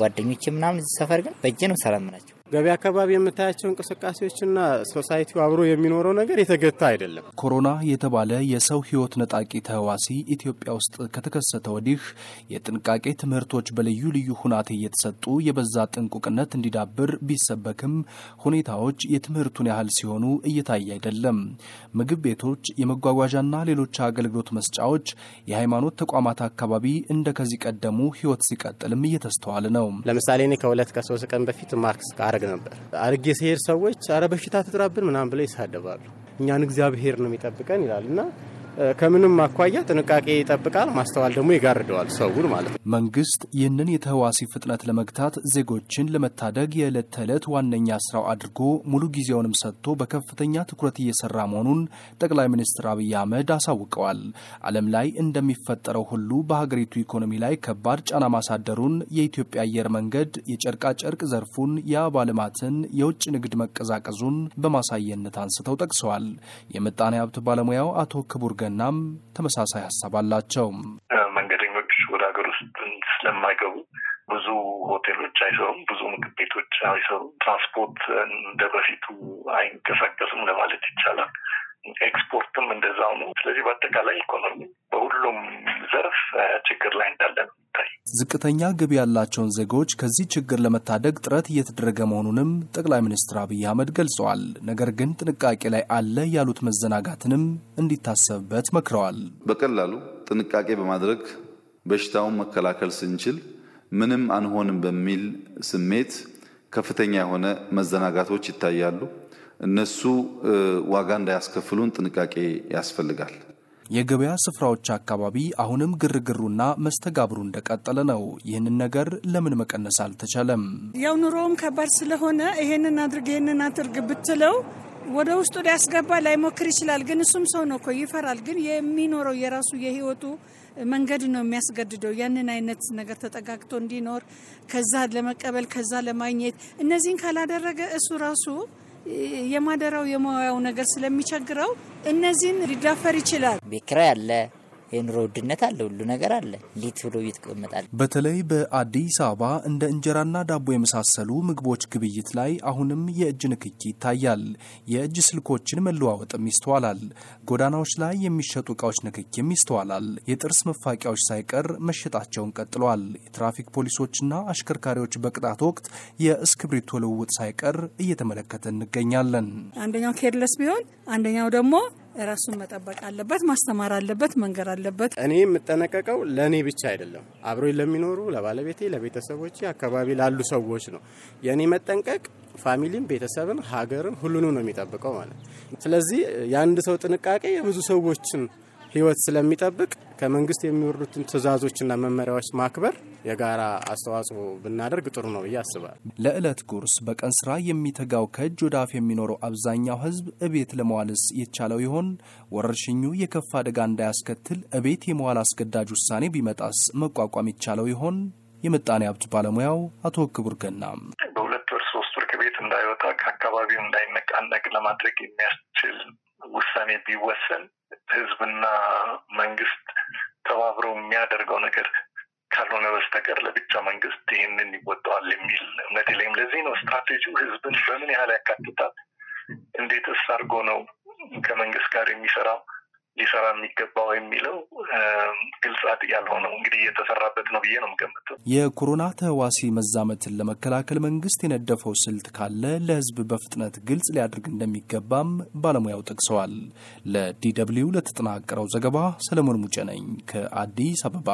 ጓደኞች ምናምን እዚህ ሰፈር ግን በእጄ ነው ሰላም ናቸው። ገበያ አካባቢ የምታያቸው እንቅስቃሴዎችና ሶሳይቲው አብሮ የሚኖረው ነገር የተገታ አይደለም። ኮሮና የተባለ የሰው ህይወት ነጣቂ ተህዋሲ ኢትዮጵያ ውስጥ ከተከሰተ ወዲህ የጥንቃቄ ትምህርቶች በልዩ ልዩ ሁናቴ እየተሰጡ የበዛ ጥንቁቅነት እንዲዳብር ቢሰበክም ሁኔታዎች የትምህርቱን ያህል ሲሆኑ እየታየ አይደለም። ምግብ ቤቶች፣ የመጓጓዣና ሌሎች አገልግሎት መስጫዎች፣ የሃይማኖት ተቋማት አካባቢ እንደ ከዚህ ቀደሙ ህይወት ሲቀጥልም እየተስተዋለ ነው። ለምሳሌ እኔ ከሁለት ከሶስት ቀን በፊት ማክስ እናደርግ ነበር። አድርጌ ሲሄድ ሰዎች አረ በሽታ ትጥራብን ምናምን ብለው ይሳደባሉ። እኛን እግዚአብሔር ነው የሚጠብቀን ይላል እና ከምንም አኳያ ጥንቃቄ ይጠብቃል፣ ማስተዋል ደግሞ ይጋርደዋል ሰውን ማለት ነው። መንግስት ይህንን የተህዋሲ ፍጥነት ለመግታት ዜጎችን ለመታደግ የዕለት ተዕለት ዋነኛ ስራው አድርጎ ሙሉ ጊዜውንም ሰጥቶ በከፍተኛ ትኩረት እየሰራ መሆኑን ጠቅላይ ሚኒስትር አብይ አህመድ አሳውቀዋል። ዓለም ላይ እንደሚፈጠረው ሁሉ በሀገሪቱ ኢኮኖሚ ላይ ከባድ ጫና ማሳደሩን የኢትዮጵያ አየር መንገድ የጨርቃጨርቅ ዘርፉን፣ የአበባ ልማትን፣ የውጭ ንግድ መቀዛቀዙን በማሳየነት አንስተው ጠቅሰዋል። የምጣኔ ሀብት ባለሙያው አቶ ክቡር ገናም ተመሳሳይ ሀሳብ አላቸው። መንገደኞች ወደ ሀገር ውስጥ ስለማይገቡ ብዙ ሆቴሎች አይሰሩም፣ ብዙ ምግብ ቤቶች አይሰሩም፣ ትራንስፖርት እንደ በፊቱ አይንቀሳቀስም ለማለት ይቻላል። ኤክስፖርትም እንደዛው ነው። ስለዚህ በአጠቃላይ ኢኮኖሚ በሁሉም ዘርፍ ችግር ላይ እንዳለ ነው። ዝቅተኛ ገቢ ያላቸውን ዜጎች ከዚህ ችግር ለመታደግ ጥረት እየተደረገ መሆኑንም ጠቅላይ ሚኒስትር አብይ አህመድ ገልጸዋል። ነገር ግን ጥንቃቄ ላይ አለ ያሉት መዘናጋትንም እንዲታሰብበት መክረዋል። በቀላሉ ጥንቃቄ በማድረግ በሽታውን መከላከል ስንችል ምንም አንሆንም በሚል ስሜት ከፍተኛ የሆነ መዘናጋቶች ይታያሉ። እነሱ ዋጋ እንዳያስከፍሉን ጥንቃቄ ያስፈልጋል። የገበያ ስፍራዎች አካባቢ አሁንም ግርግሩና መስተጋብሩ እንደቀጠለ ነው። ይህንን ነገር ለምን መቀነስ አልተቻለም? ያው ኑሮውም ከባድ ስለሆነ ይሄንን አድርግ ይሄንን አድርግ ብትለው ወደ ውስጡ ሊያስገባ ላይሞክር ይችላል። ግን እሱም ሰው ነው እኮ ይፈራል። ግን የሚኖረው የራሱ የህይወቱ መንገድ ነው የሚያስገድደው ያንን አይነት ነገር ተጠጋግቶ እንዲኖር ከዛ ለመቀበል ከዛ ለማግኘት እነዚህን ካላደረገ እሱ ራሱ የማደራው የሙያው ነገር ስለሚቸግረው እነዚህን ሊዳፈር ይችላል። ቤት ኪራይ አለ፣ የኑሮ ውድነት አለ፣ ሁሉ ነገር አለ። እንዴት ብሎ ይቀመጣል? በተለይ በአዲስ አበባ እንደ እንጀራና ዳቦ የመሳሰሉ ምግቦች ግብይት ላይ አሁንም የእጅ ንክኪ ይታያል። የእጅ ስልኮችን መለዋወጥም ይስተዋላል። ጎዳናዎች ላይ የሚሸጡ እቃዎች ንክኪም ይስተዋላል። የጥርስ መፋቂያዎች ሳይቀር መሸጣቸውን ቀጥሏል። የትራፊክ ፖሊሶችና አሽከርካሪዎች በቅጣት ወቅት የእስክብሪቶ ልውውጥ ሳይቀር እየተመለከተ እንገኛለን። አንደኛው ኬርለስ ቢሆን አንደኛው ደግሞ ራሱን መጠበቅ አለበት፣ ማስተማር አለበት፣ መንገር አለበት። እኔ የምጠነቀቀው ለእኔ ብቻ አይደለም፣ አብሮ ለሚኖሩ ለባለቤቴ፣ ለቤተሰቦች አካባቢ ላሉ ሰዎች ነው። የእኔ መጠንቀቅ ፋሚሊን፣ ቤተሰብን፣ ሀገርን፣ ሁሉንም ነው የሚጠብቀው ማለት። ስለዚህ የአንድ ሰው ጥንቃቄ የብዙ ሰዎችን ህይወት ስለሚጠብቅ ከመንግስት የሚወርዱትን ትዕዛዞችና መመሪያዎች ማክበር የጋራ አስተዋጽኦ ብናደርግ ጥሩ ነው ብዬ አስባል። ለዕለት ጉርስ በቀን ስራ የሚተጋው ከእጅ ወደ አፍ የሚኖረው አብዛኛው ህዝብ እቤት ለመዋልስ የቻለው ይሆን? ወረርሽኙ የከፋ አደጋ እንዳያስከትል እቤት የመዋል አስገዳጅ ውሳኔ ቢመጣስ መቋቋም ይቻለው ይሆን? የምጣኔ ሀብት ባለሙያው አቶ ክቡር ገና በሁለት ወር ሶስት ወር ከቤት እንዳይወጣ ከአካባቢው እንዳይነቃነቅ ለማድረግ የሚያስችል ውሳኔ ቢወሰን ህዝብና መንግስት ተባብረው የሚያደርገው ነገር ካልሆነ በስተቀር ለብቻ መንግስት ይህንን ይወጣዋል የሚል እምነት የለኝም። ለዚህ ነው ስትራቴጂው ህዝብን በምን ያህል ያካትታል፣ እንዴትስ አድርጎ ነው ከመንግስት ጋር የሚሰራው ሊሰራ የሚገባው የሚለው ግልጽ ያልሆነው እንግዲህ እየተሰራበት ነው ብዬ ነው የምገምተው። የኮሮና ተህዋሲ መዛመትን ለመከላከል መንግስት የነደፈው ስልት ካለ ለህዝብ በፍጥነት ግልጽ ሊያድርግ እንደሚገባም ባለሙያው ጠቅሰዋል። ለዲ ደብልዩ ለተጠናቀረው ዘገባ ሰለሞን ሙጬ ነኝ ከአዲስ አበባ።